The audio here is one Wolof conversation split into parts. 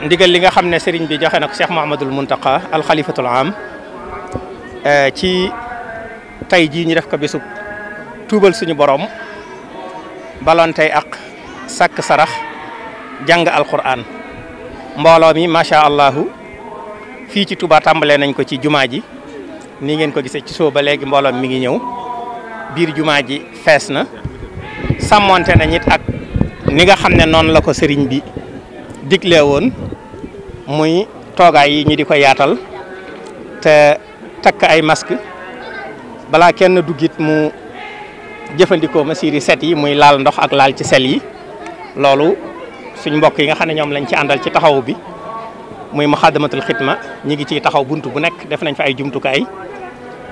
ndigal li nga xam ne sëriñ bi joxe na ko Cheikh Mouhamadul Mountakha alxalifatul am eh, ci tey jii ñu def ko bisub tuubal suñu borom balontey ak sàkk sarax jàng alquran mbooloo mi macha allahu fii ci Touba tàmbalee nañ ko ci jumaa ji nii ngeen ko gisee ci soo ba léegi mbooloom mi ngi ñëw biir jumaa ji fees na sàmmonte nañ it ak ni nga xam ne noonu la ko sëriñ bi digle woon muy toogaay yi ñu di ko yaatal te takk ay masque balaa kenn duggit mu jëfandikoo mesures yi set yi muy laal ndox ak laal ci sel yi loolu suñ mbokk yi nga xam ne ñoom lañ ci àndal ci taxaw bi muy muxaddamatul xidma ñi ngi ciy taxaw bunt bu nekk def nañ fa ay jumtukaay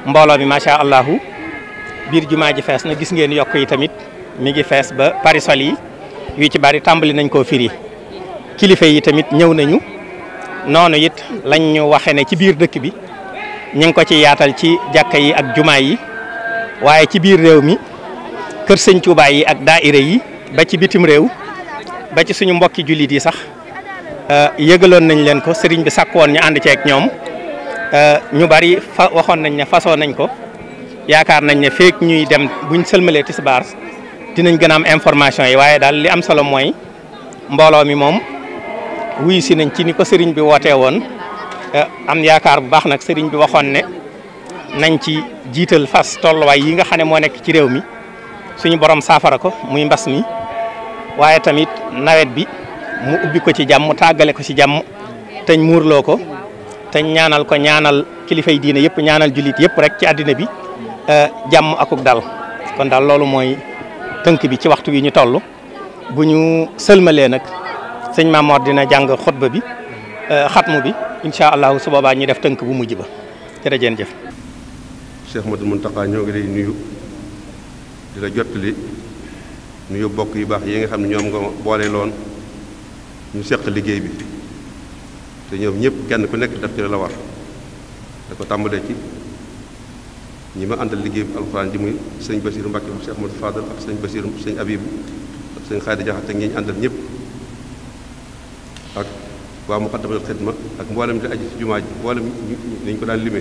mbooloo mi macha allahu biir jumaa ji fees na gis ngeen yokk yi tamit mi ngi fees ba parisol yi yu ci bari tàmbali nañ ko firi kilifa yi tamit ñëw nañu noonu it lañ ñu waxe ne ci biir dëkk bi ñu ngi ko ci yaatal ci jàkka yi ak jumaa yi waaye ci biir réew mi kër sëñ Tuubaa yi ak daayira yi ba ci bitim réew ba ci suñu mbokki jullit yi sax euh, yëgaloon nañ leen ko sëriñ bi sàkkoon ñu ànd ceeg ñoom euh, ñu bari fa waxoon nañ ne façon nañ ko yaakaar nañ ne feek ñuy dem buñ sëlmalee tisbaar dinañ gën a am information yi waaye daal li am solo mooy mbooloo mi moom wuyu si nañ ci ni ko sëriñ bi wootee woon eh, am yaakaar bu baax nag sëriñ bi waxoon ne nañ ci jiital fas tolluwaay yii nga xam ne moo nekk ci réew mi suñu borom saafara ko muy mbas mi waaye tamit nawet bi mu ubbi ko ci jàmm tàggale ko ci jàmm teñ muurloo ko teñ ñaanal ko ñaanal kilifay diine yëpp ñaanal jullit yëpp rek ci àddina bi eh, jàmm akuk dal kon daal loolu mooy tënk bi ci waxtu wi ñu toll bu ñu sëlmalee nag sëñ Mamor dina jàng xutba bi euh, xatmu bi incha allah su boobaa ñu def tënk bu mujj ba jërëjeen jëf Cheikh Madou Mountakha ñëw ngi lay nuyu di la jottali nuyu bokk yu baax yi nga xam ne ñoom nga boole loon ñu seq liggéey bi te ñoom ñëpp kenn ku nekk daf ci la war da ko tàmbalee ci ñi ma àndal liggéey bu alxuraan ji muy sëñ Basiiru Mbàkke bu Cheikh Madou Fadal ak sëñ Basiiru sëñ Abibu ak sëñ Xaadi Jaxate ak ñi ñu àndal ñëpp ak waa muqaddamatul xidma ak mboolem di aju ci jumaa ji mboolem ñu ko daan lime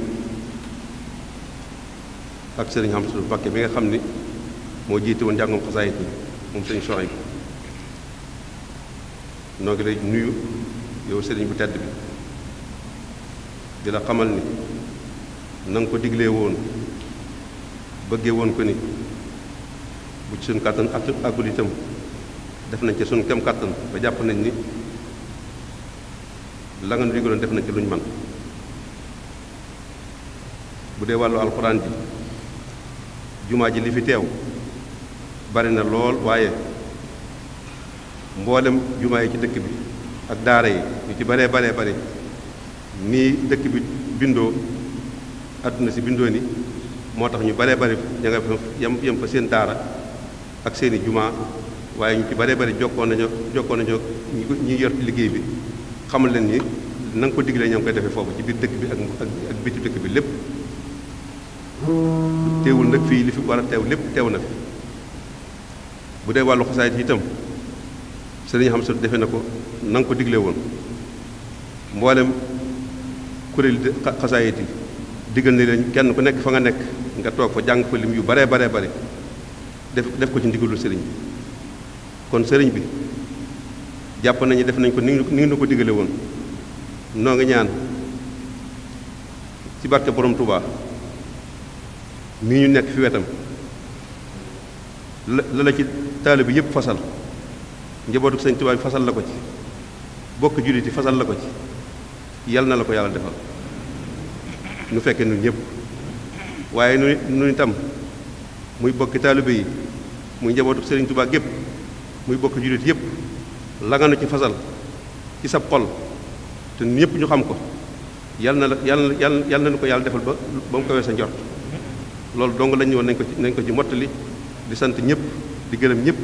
ak sëriñ Hamsu Mbàkke bi nga xam ni moo jiite woon njàngum xasaayit bi moom sëriñ Soxayb noo ngi lay nuyu yow sëriñ bu tedd bi di la xamal ni na ko diglee woon bëggee woon ko ni bu ci suñ kàttan ak àggul itam def nañ ci suñ kem kàttan ba jàpp nañ ni la nga digaloon def na ci luñ man bu dee wàllu alxuraan ji jumaa ji li fi teew bari na lool waaye mboolem jumaa yi ci dëkk bi ak daara yi ñu ci baree baree bari nii dëkk bi bindoo àdduna si bindoo ni moo tax ñu baree bari ña nga fa seen daara ak seeni jumaa waaye ñu ci baree bari jokkoon nañu jokkoon nañu ñi yor liggéey bi xamal leen ni na ko diglee ñoo ngi koy defe foofu ci biir dëkk bi ak ak biti dëkk bi lépp teewul nag fii li fi war a teew lépp teew na fi bu dee wàllu xasaayit itam sëriñ xam sa defe na ko nanga ko diglee woon mboolem kuréel xasaayit yi digal ni leen kenn ku nekk fa nga nekk nga toog fa jàng fa lim yu baree baree bare def def ko ci ndigalul sëriñ kon sëriñ bi jàpp nañu def nañ ko ni ngi nu ko digale woon noo ngi ñaan ci barke borom Touba mii ñu nekk fi wetam la la ci taalibe yépp fasal njabootu sëñ Touba bi fasal la ko ci bokk jullit yi fasal la ko ci yàlla na la ko yàlla defal nu fekkee nun ñëpp waaye nu nu itam muy bokki taalibe yi muy njabootu sëriñ Touba gépp muy bokk jullit yépp la nga ci fasal ci sa xol te ñëpp ñu xam ko yal na la yal na yal na nu ko yàlla defal ba ba mu ko weesoo njort loolu dong lañ ñëwoon nañ ko ci nañ ko ci mottali di sant ñëpp di gërëm ñëpp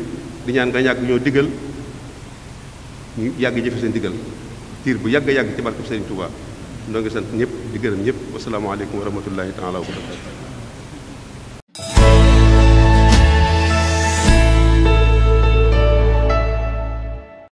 di ñaan nga ñàkk ñoo digal ñu yàgg jëfe seen digal tiir bu yàgg yàgg ci barkeb Sëriñ Tuubaa noo sant ñëpp di gërëm ñëpp wasalaamaaleykum wa rahmatullahi taala wa barakatu